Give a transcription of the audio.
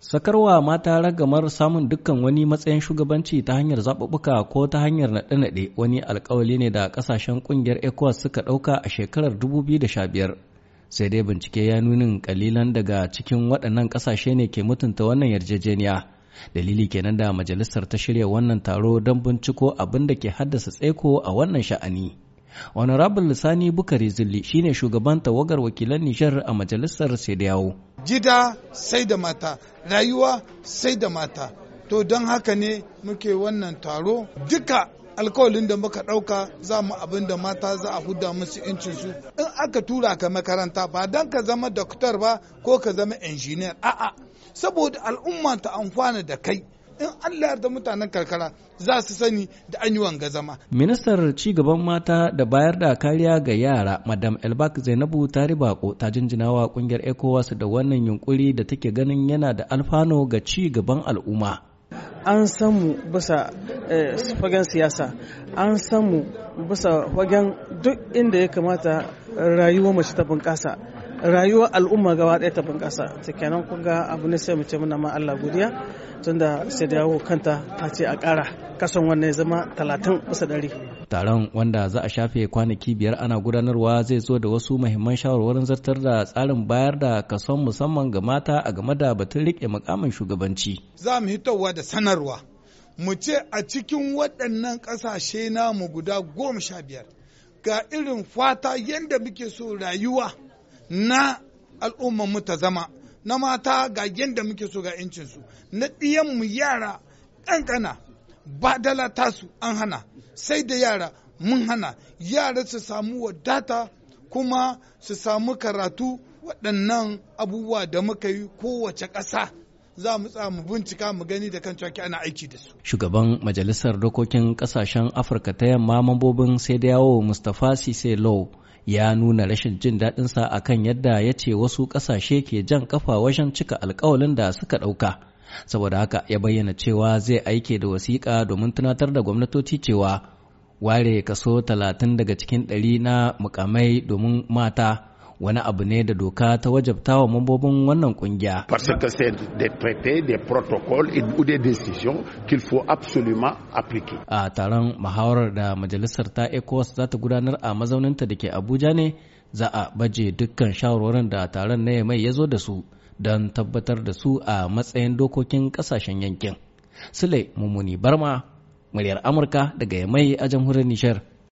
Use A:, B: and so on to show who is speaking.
A: Sakarwa mata ragamar samun dukkan wani matsayin shugabanci ta hanyar zaɓuɓɓuka ko ta hanyar naɗe-naɗe wani alkawali ne da ƙasashen ƙungiyar ECOWAS suka ɗauka a shekarar 2015. Sai dai bincike ya nunin kalilan daga cikin waɗannan ƙasashe ne ke mutunta wannan yarjejeniya. Dalili kenan da majalisar ta shirya wannan taro don binciko abin da ke haddasa tseko a wannan sha'ani. honorable sani bukari zilli shine shugaban tawagar wakilan nishar a majalisar sai
B: gida sai da mata rayuwa sai da mata to don haka ne muke wannan taro duka alkawalin da muka ɗauka za mu abin da mata za a huda musu su in aka tura ka makaranta ba don ka zama doktor ba ko ka zama injiniyar a'a saboda al'umma ta amfana da kai in Allah da mutanen karkara za su sani da an yi wanga zama.
A: Ministar cigaban mata da bayar da kariya ga yara Madam Elbak Zainabu ta ko ta jinjinawa kungiyar ECOWAS da wannan yunkuri da take ganin yana da alfano ga cigaban al'umma.
C: An samu bisa eh, fagen siyasa, an samu bisa fagen duk inda ya kamata rayuwar mace ta bunƙasa. rayuwar al'umma gaba ɗaya ta bunƙasa ta kenan kun ga abu ne sai mu ce muna ma Allah godiya tunda sai da yawo kanta ta ce a ƙara kasan wannan zama talatin bisa ɗari.
A: Taron wanda za a shafe kwanaki biyar ana gudanarwa zai zo da wasu muhimman shawarwarin zartar da tsarin bayar da kason musamman ga mata a game da batun riƙe mukamin shugabanci.
B: Za mu hitowa da sanarwa mu ce a cikin waɗannan ƙasashe namu guda goma biyar ga irin fata yadda muke so rayuwa na al'ummar mu ta zama na mata ga yadda muke so ga su na mu yara ƙanƙana ba dala tasu an hana sai da yara mun hana yara su samu wadata kuma su samu karatu waɗannan abubuwa da muka yi kowace ƙasa za mu tsaya bincika mu gani da kan cewa ana aiki da su.
A: Shugaban Majalisar Dokokin Ƙasashen Afirka ta Yamma mambobin sai da yawo Mustapha Cisse Law ya nuna rashin jin daɗinsa a kan yadda ya ce wasu ƙasashe ke jan kafa wajen cika alkawalin da suka ɗauka. Saboda haka ya bayyana cewa zai aike da wasiƙa domin tunatar da gwamnatoci cewa ware kaso talatin daga cikin ɗari na mukamai domin mata wani abu ne da doka ta wajabta wa mambobin wannan kungiya. Parce
B: que c'est des
A: traités, des protocoles ou des décisions qu'il faut absolument appliquer. A taron muhawarar da majalisar ta ECOWAS za ta gudanar a mazauninta da ke Abuja ne za a baje dukkan shawarwarin da taron na mai ya zo da su don tabbatar da su a matsayin dokokin kasashen yankin. Sule Mumuni Barma, muryar Amurka daga Yamai a jamhuriyar Nishar.